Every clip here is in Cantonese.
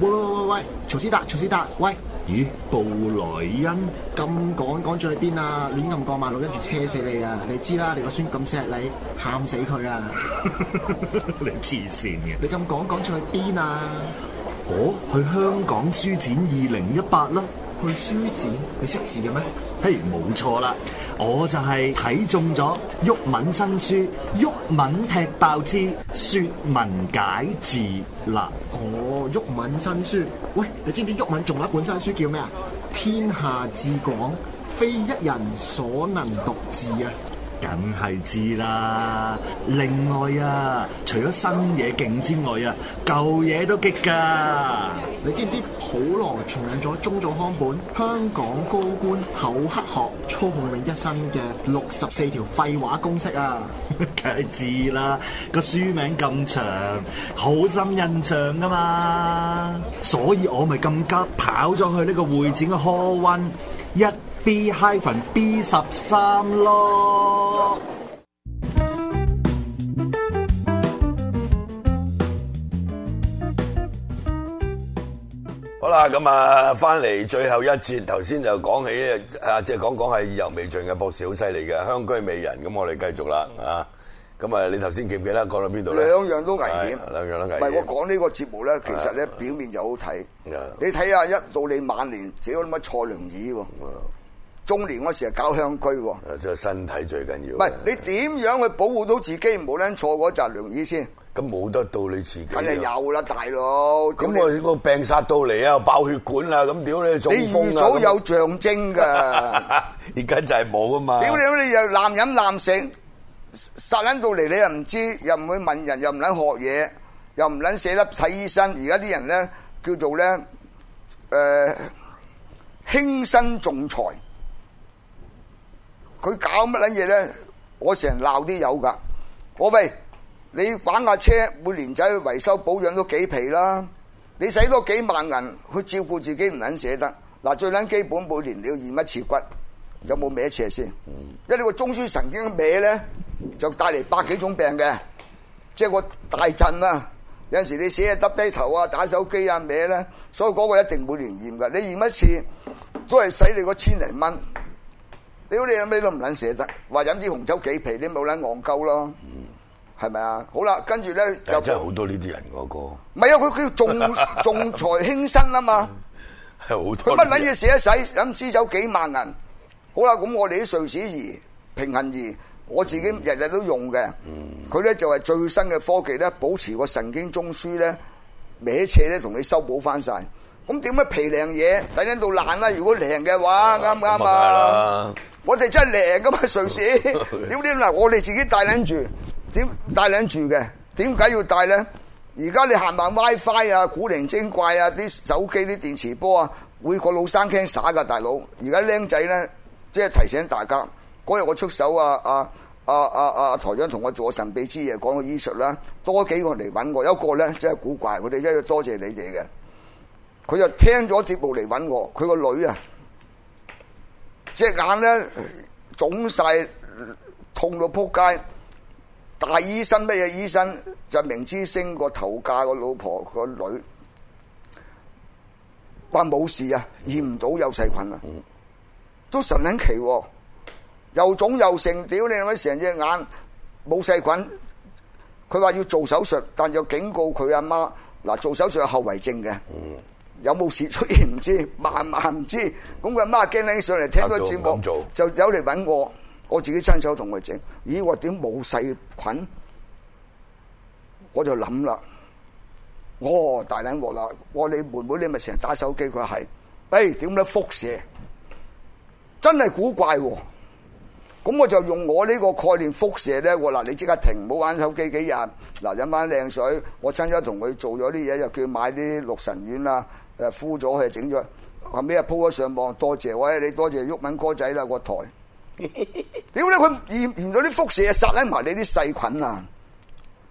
喂喂喂喂，曹斯達，曹斯達，喂！咦，布萊恩，咁趕趕咗去邊啊？亂咁過馬路，跟住車死你啊！你知啦，你個孫咁錫你，喊死佢啊！你黐線嘅！你咁趕趕咗去邊啊？哦，去香港書展二零一八啦！去書展，你識字嘅咩？嘿，冇錯啦，我就係睇中咗毓民新書《毓民踢爆之説文解字》嗱、哦，我毓民新書，喂，你知唔知毓民仲有一本新書叫咩啊？天下至廣，非一人所能獨治啊！梗係知啦！另外啊，除咗新嘢勁之外啊，舊嘢都激噶。你知唔知普羅重印咗中島康本《香港高官口黑學》，操控你一身嘅六十四條廢話公式啊？梗係知啦，個書名咁長，好深印象噶嘛。所以我咪咁急跑咗去呢個會展嘅 Hall One。b h y p B 十三咯好，好啦，咁啊，翻嚟最後一節，頭先就講起啊，即係講講係意猶未盡嘅博士好犀利嘅香車美人，咁我哋繼續啦啊，咁啊，你頭先記唔記得講到邊度？兩樣都危險，兩樣都危險。唔係我講呢個節目咧，其實咧表面就好睇，的你睇下一到你晚年，寫嗰啲乜錯良紙喎。中年嗰時啊，搞向區喎，就身體最緊要。唔係你點樣去保護到自己，唔好撚錯嗰扎良醫先。咁冇得到你自己。梗係有啦，大佬。咁我個病殺到嚟啊，爆血管啦，咁屌你！你預早有象徵㗎，而家就係冇啊嘛。屌你！你又濫飲濫食，殺撚到嚟你又唔知，又唔會問人，又唔撚學嘢，又唔撚捨得睇醫生。而家啲人咧叫做咧誒輕身重財。佢搞乜捻嘢咧？我成日鬧啲有噶，我話喂，你玩架車，每年仔去維修保養都幾皮啦。你使多幾萬銀去照顧自己唔捻捨得。嗱，最捻基本每年你要驗一次骨，有冇歪斜先？因為你個中樞神經歪咧，就帶嚟百幾種病嘅，即係個大震啦。有陣時你寫啊耷低頭啊打手機啊歪咧，所以嗰個一定每年驗噶。你驗一次都係使你嗰千零蚊。屌，你有咩都唔捻捨得，話飲啲紅酒幾皮，你冇捻戇鳩咯，係咪啊？好啦，跟住咧又真係好多呢啲人個哥，唔係啊，佢叫重重財輕生啊嘛，係好多佢乜捻嘢捨得使，飲支酒幾萬銀。好啦，咁我哋啲瑞士儀、平衡儀，我自己日日都用嘅，佢咧就係最新嘅科技咧，保持個神經中樞咧，歪斜咧同你修補翻晒。咁點解皮靚嘢等喺度爛啦？如果靚嘅話啱唔啱啊？我哋真係靚噶嘛，瑞士？屌點嗱，我哋自己帶領住，點帶領住嘅？點解要帶咧？而家你行埋 WiFi 啊，古靈精怪啊，啲手機啲電磁波啊，每個老生傾耍噶大佬。而家僆仔咧，即係提醒大家，嗰日我出手啊啊啊啊啊台長同我做神秘之夜，講到醫術啦、啊，多幾個嚟揾我，有一個咧真係古怪，我哋真係多謝你哋嘅。佢就聽咗節目嚟揾我，佢個女啊。隻眼咧腫晒，痛到撲街。大醫生乜嘢醫生就明知升個頭嫁個老婆個女，話冇事啊，驗唔到有細菌啊，都神神奇喎，又腫又成屌你，我成隻眼冇細菌。佢話要做手術，但又警告佢阿媽，嗱，做手術有後遺症嘅。有冇事出現唔知，慢慢唔知。咁佢阿媽驚拎上嚟聽個節目，就有嚟搵我，我自己親手同佢整。咦？我點冇細菌？我就諗啦，哦，大撚鑊啦！我、哦、你妹妹你咪成日打手機，佢係，哎、欸，點解輻射？真係古怪喎！咁我就用我呢個概念輻射咧，我嗱你即刻停，唔好玩手機幾日，嗱飲翻靚水。我親戚同佢做咗啲嘢，又叫買啲六神丸啦，誒敷咗佢，整咗後尾啊鋪咗上網，多謝我，喂，你多謝毓民哥仔啦、那個台。屌你， 佢驗驗到啲輻射殺甩埋你啲細菌啊！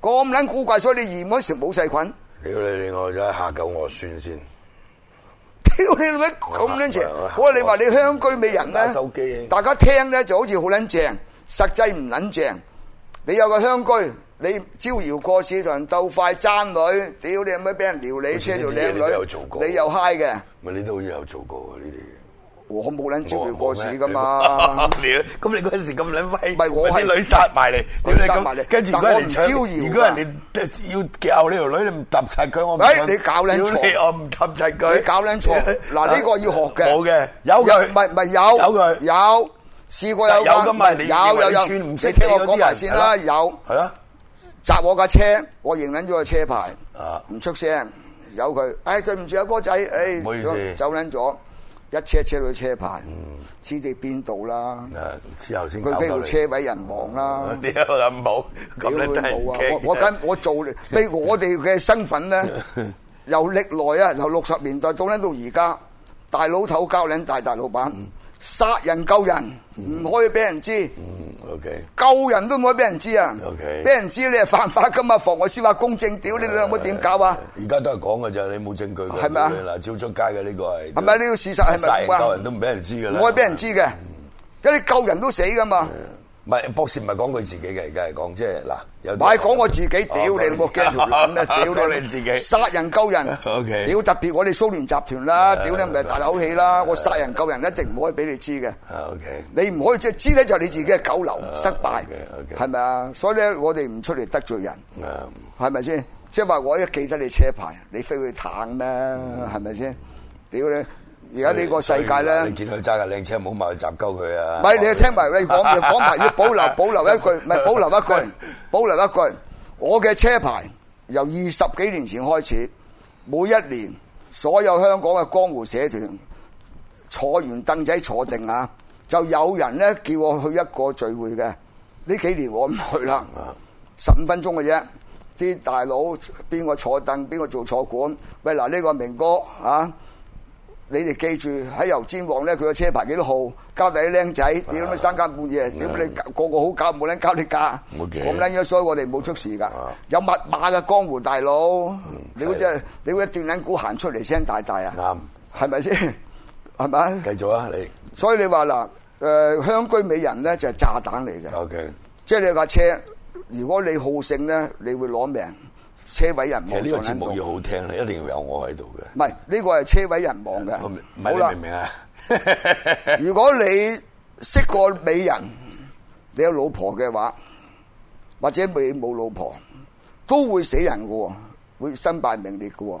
咁撚古怪，所以你驗嗰時冇細菌。屌你，你我而家下九我算先。屌你老味咁撚正，好啊，你話你香車美人咧，大家聽咧就好似好撚正，實際唔撚正。你有個香車，你招搖過市同人鬥快爭女，屌你老味俾人撩你，車條靚女，你又做過，你又 high 嘅，咪你都好似有做過嘅呢啲。我冇捻招搖過市噶嘛？咁你咁你嗰陣時咁捻威？唔係我係女殺埋你，佢殺埋你。跟住如果我唔招搖，如果人哋要叫呢條女，你唔揼柒佢，我唔。哎，你搞捻錯，我唔揼柒佢。你搞捻錯。嗱，呢個要學嘅。冇嘅，有佢，咪咪有，有佢，有試過有。有咁咪？有有有，串唔識聽我講埋先啦。有。係啦，砸我架車，我認捻咗個車牌，唔出聲，有佢。哎，對唔住阿哥仔，哎，走捻咗。一車車到車牌，黐地邊度啦？佢都要車毀人亡啦！呢個冇，點會冇啊？我我跟我做呢，我哋嘅身份咧，由歷來啊，由六十年代到咧到而家，大老頭、膠領大大老闆。殺人救人唔可以俾人知，救人都唔可以俾人知啊！俾人知你係犯法噶嘛？妨礙司法公正，屌你有冇點搞啊！而家都係講噶咋，你冇證據嘅嗱，照出街嘅，呢個係係咪呢個事實係咪啊？救人都唔俾人知噶啦，唔可以俾人知嘅，因為你救人都死噶嘛。唔係博士唔係講佢自己嘅，而家係講即係嗱，有。唔係講我自己，屌你，我驚條命啊！屌你，自己殺人救人。O K。屌特別我哋蘇聯集團啦，屌你唔係大口氣啦，我殺人救人一定唔可以俾你知嘅。O K。你唔可以即係知咧，就你自己係九流失敗，係咪啊？所以咧，我哋唔出嚟得罪人，係咪先？即係話我一記得你車牌，你飛去彈咩，係咪先？屌你！而家呢個世界咧，你見佢揸架靚車，唔好埋去雜鳩佢啊！唔係你聽埋你講，講牌要保留，保留一句，唔係保留一句，保留一句。我嘅車牌由二十幾年前開始，每一年所有香港嘅江湖社團坐完凳仔坐定啊，就有人咧叫我去一個聚會嘅。呢幾年我唔去啦，十五分鐘嘅啫。啲大佬邊個坐凳，邊個做坐館。喂，嗱呢個明哥啊！你哋記住喺油尖旺咧，佢個車牌幾多號？交俾啲僆仔，你諗咩三更半夜？你個個好交冇拎交啲價，冇嘅。咁撚樣衰，我哋冇出事㗎。有密碼嘅江湖大佬，你嗰隻你嗰一段撚股行出嚟聲大大啊，啱係咪先？係咪？繼續啊，你。所以你話嗱，誒香車美人咧就係炸彈嚟嘅。OK，即係你有架車，如果你好勝咧，你會攞命。車毀人亡，其實呢個節目要好聽咧，一定要有我喺度嘅。唔係呢個係車毀人亡嘅，好啦，明唔明？明唔明啊？如果你識過美人，你有老婆嘅話，或者你冇老婆，都會死人嘅，會身敗名裂嘅。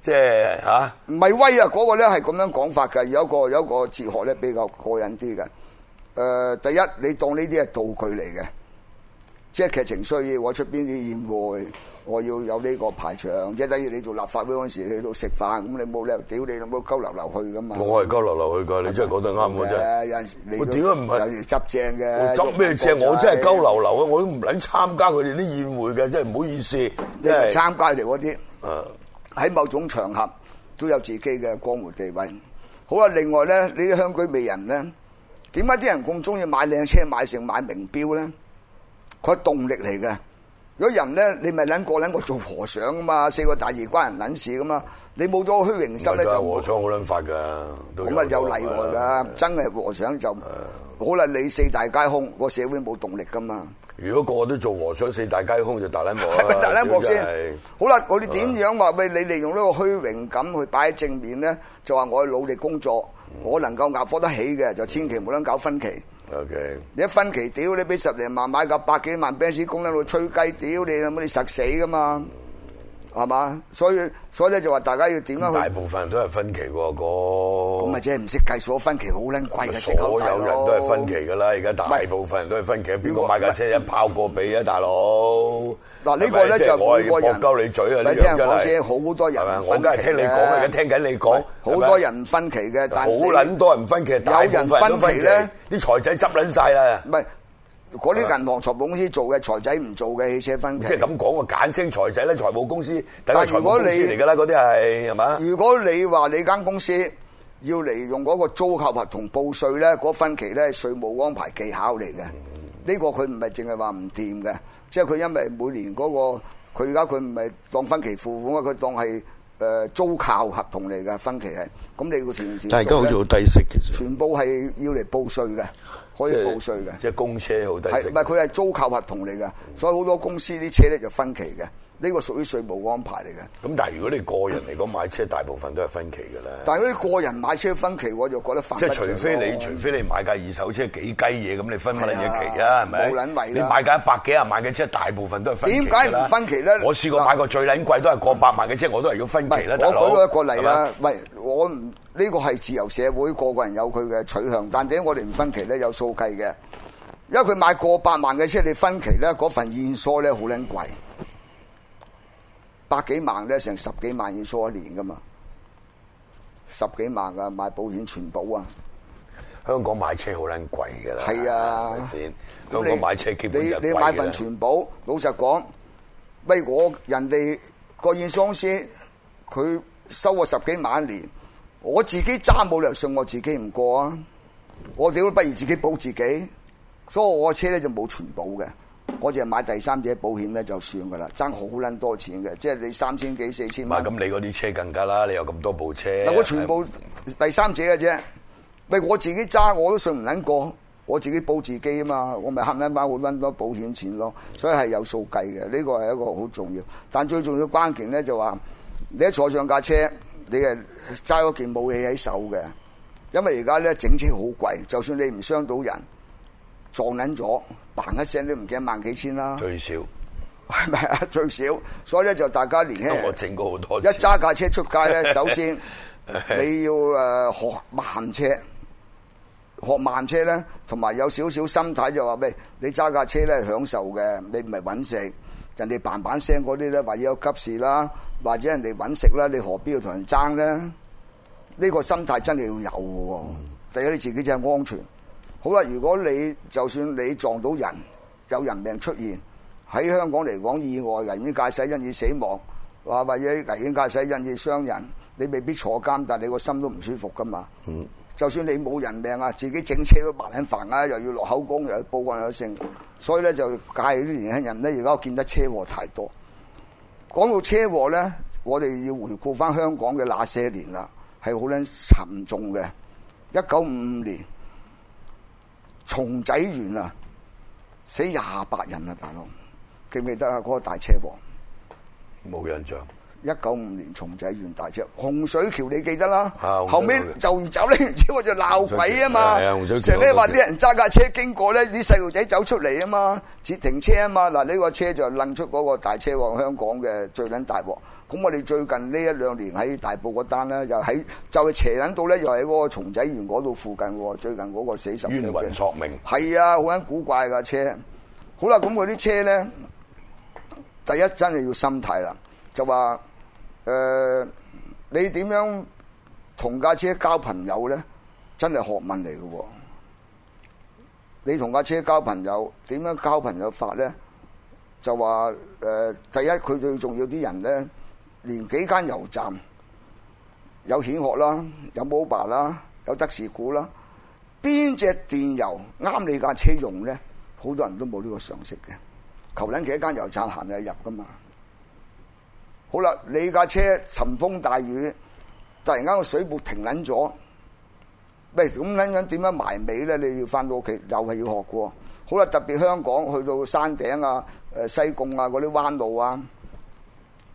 即係吓，唔係威啊！嗰、嗰個咧係咁樣講法嘅，有一個有一個哲學咧比較過癮啲嘅。誒、呃，第一你當呢啲係道具嚟嘅，即係劇情需要。我出邊啲宴會，我要有呢個排場，即係等於你做立法會嗰時去到食飯，咁你冇理由屌你，咁冇鳩流流去噶嘛。我係鳩流流去噶，吧你真係講得啱嘅啫。有陣時你點解唔係執正嘅？執咩正？我真係鳩流流啊！我都唔撚參加佢哋啲宴會嘅，真係唔好意思，即係參加嚟嗰啲。嗯是。啊啊喺某種場合都有自己嘅江湖地位。好啊，另外咧，你香車美人咧，點解啲人咁中意買靚車、買成買名錶咧？佢係動力嚟嘅。如果人咧，你咪撚個撚個做和尚啊嘛，四個大二關人撚事噶嘛，你冇咗虛榮心咧就冇。和尚好撚發㗎，咁啊有例外㗎，真係和尚就，好啦，你四大皆空，個社會冇動力噶嘛。如果個個都做和尚四大皆空就大甩毛啦，是大甩毛先好啦吧，我哋點樣話？喂，啊、你利用呢個虛榮感去擺喺正面咧，就話我努力工作，嗯、我能夠壓貨得起嘅，就千祈唔好撚搞分期。O K，嗯、你一分期屌你俾十零萬買架百幾萬餅絲供，喺度吹雞屌你，諗你實死噶嘛？係嘛？所以所以咧就話大家要點樣？大部分人都係分期喎，個咁咪即係唔識計數？分期好撚貴嘅，成交所有人都係分期噶啦，而家大部分人都係分期。邊個買架車一炮過俾啊，大佬！嗱呢個咧就每個人。我夠你嘴啊！你聽我講先，好多人啊！我梗係聽你講，而家聽緊你講。好多人分期嘅，但好撚多人分期。有人分期咧，啲財仔執撚晒啦！咪。嗰啲銀行財務公司做嘅財仔唔做嘅汽車分期，即係咁講啊，簡稱財仔咧，財務公司，但係如果你，公司嚟㗎啦，嗰啲係係嘛？如果你話你間公司要嚟用嗰個租購合同報稅咧，嗰分期咧，稅務安排技巧嚟嘅，呢個佢唔係淨係話唔掂嘅，即係佢因為每年嗰個，佢而家佢唔係當分期付款啊，佢當係。誒、呃、租購合同嚟嘅分期係，咁、嗯、你個但而家好似好低息，其實全部係要嚟報稅嘅，可以報稅嘅。即公車好低息，唔係佢係租購合同嚟嘅，嗯、所以好多公司啲車咧就分期嘅。呢個屬於稅務安排嚟嘅。咁但係如果你個人嚟講、嗯、買車，大部分都係分期嘅啦。但係如果你個人買車分期，我就覺得煩。即係除非你除非你買架二手車幾雞嘢，咁你分乜嘢期啊？係咪？冇撚為。你買架一百幾廿萬嘅車，大部分都係分期。點解唔分期咧？我試過買個最撚貴都係過百萬嘅車，我都係要分期啦，大佬。我舉一個例啦，喂吧，我呢、呢個係自由社會，個個人有佢嘅取向，但點解我哋唔分期咧，有數計嘅。因為佢買過百萬嘅車，你分期咧，嗰份燕梳咧好撚貴。百幾萬咧，成十幾萬要數一年噶嘛，十幾萬噶買保險全保啊！香港買車好撚貴噶啦，係啊先？你香港買車基本就貴啦。你你買份全保，老實講，喂我人哋個燕梳師，佢收我十幾萬一年，我自己揸冇良信我自己唔過啊！我屌，不如自己保自己，所以我個車咧就冇全保嘅。我淨係買第三者保險咧，就算噶啦，爭好撚多錢嘅，即係你三千幾四千蚊。咁你嗰啲車更加啦，你有咁多部車。嗱，我全部第三者嘅啫，喂， 我自己揸我都信唔撚過，我自己保自己啊嘛，我咪慳撚返會撚多保險錢咯，所以係有數計嘅，呢個係一個好重要。但最重要關鍵咧就話、是，你一坐上架車，你係揸嗰件武器喺手嘅，因為而家咧整車好貴，就算你唔傷到人。撞撚咗，嘭一聲都唔驚萬幾千啦。最少，係咪啊，最少？所以咧就大家年輕人，一揸架車出街咧，首先 你要誒學慢車，學慢車咧，同埋有少少心態就話、是、喂，你揸架車咧享受嘅，你唔係揾食。人哋嘭嘭聲嗰啲咧，或者有急事啦，或者人哋揾食啦，你何必要同人爭咧？呢、這個心態真係要有，嗯、第一你自己真係安全。好啦，如果你就算你撞到人，有人命出現喺香港嚟講，意外危險駕駛引致死亡，或或者危險駕駛引致傷人，你未必坐監，但係你個心都唔舒服噶嘛。嗯。就算你冇人命啊，自己整車都白撚煩啦，又要落口供，又要報案，又剩。所以咧，就介意啲年輕人咧，而家我見得車禍太多。講到車禍咧，我哋要回顧翻香港嘅那些年啦，係好撚沉重嘅。一九五五年。松仔園啊，死廿八人啊，大佬記唔記得啊？嗰個大車禍冇印象。一九五年，松仔園大車洪水橋，你記得啦？啊、後尾就而走呢唔知我就鬧鬼啊嘛！成日咧話啲人揸架車經過咧，啲細路仔走出嚟啊嘛，截停車啊嘛。嗱呢個車就掹出嗰個大車往香港嘅最捻大鑊。咁我哋最近呢一兩年喺大埔嗰單咧、就是就是，又喺就係斜捻到咧，又喺嗰個松仔園嗰度附近。最近嗰個死十四十冤魂索命係啊，好捻古怪架車。好啦，咁嗰啲車咧，第一真係要心態啦，就話。誒、呃，你點樣同架車交朋友呢？真係學問嚟嘅、哦。你同架車交朋友，點樣交朋友法呢？就話誒、呃，第一佢最重要啲人呢，連幾間油站有蜆殼啦，有摩巴啦，有德士古啦，邊隻電油啱你架車用呢？好多人都冇呢個常識嘅，求其幾間油站行又入㗎嘛。好啦，你架車沉風大雨，突然間個水撥停撚咗，喂，咁撚樣點樣埋尾咧？你要翻到屋企又係要學嘅。好啦，特別香港去到山頂啊、誒、呃、西貢啊嗰啲彎路啊，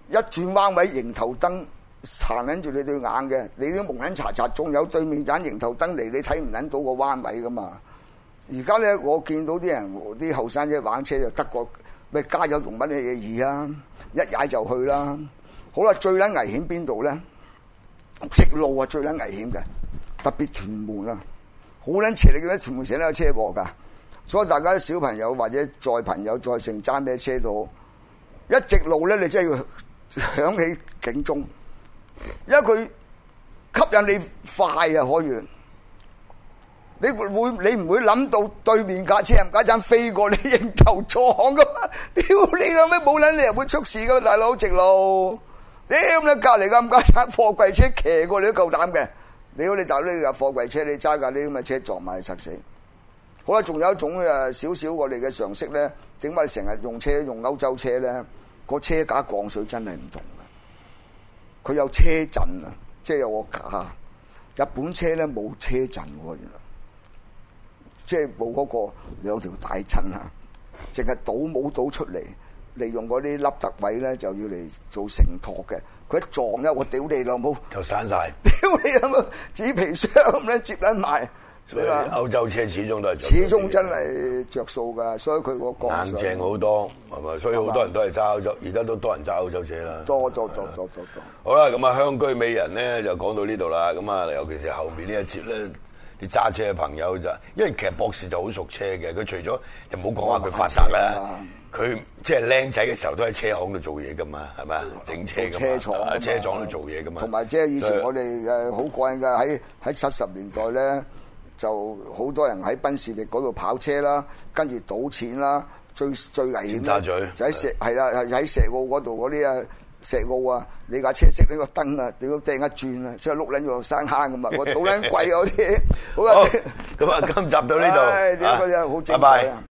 一轉彎位迎頭燈行撚住你對眼嘅，你都蒙撚查查，仲有對面盞迎頭燈嚟，你睇唔撚到個彎位噶嘛？而家咧，我見到啲人啲後生仔玩車就得個，德國咪加咗農民嘅嘢易啦，一踩就去啦。好啦，最撚危險邊度咧？直路啊，最撚危險嘅，特別屯門啊，好撚斜，你見到屯門成日都有車禍噶。所以大家小朋友或者載朋友再成揸咩車都，一直路咧，你真係要響起警鐘，因為佢吸引你快啊，開遠。你會你唔會諗到對面架車冚家鏟飛過你認頭撞噶嘛？屌你老味冇撚你又會出事噶嘛？大佬直路，屌你隔離架冚家鏟貨櫃車騎過你都夠膽嘅？屌你搭呢架貨櫃車，你揸架啲咁嘅車撞埋塞死。好啦，仲有一種誒少少我哋嘅常識咧，點解成日用車用歐洲車咧？個車架鋼水真係唔同嘅。佢有車陣啊，即係有個架。日本車咧冇車陣喎，原來。即係冇嗰個兩條大襯啊，淨係倒冇倒出嚟，利用嗰啲凹凸位咧就要嚟做承托嘅。佢一撞咧，我屌你老母！就散曬！屌你啊！紙皮箱咁樣接緊埋。所以歐洲車始終都係始終真係著數㗎，所以佢個鋼硬淨好多係咪？所以好多人都係揸歐洲，而家都多人揸歐洲車啦。多，多，多，多，多，多。好啦，咁啊，香車美人咧就講到呢度啦。咁啊，尤其是後面呢一節咧。揸車嘅朋友就，因為其實博士就好熟車嘅。佢除咗又唔好講話佢發達啦，佢即係僆仔嘅時候都喺車行度做嘢噶嘛，係咪整車。做車廠。喺車廠度做嘢噶嘛。同埋即係以前我哋誒好過癮噶，喺喺七十年代咧，就好多人喺賓士力嗰度跑車啦，跟住賭錢啦，最最危險。揸嘴的。就喺石係啦，係喺石澳嗰度嗰啲啊。石澳啊，你架車熄呢、這個燈啊，屌掟一轉啊，即係碌撚捻做山坑咁啊，我賭捻貴啊啲， 好啊，咁啊好， 今集到呢度，哎啊，好正拜拜。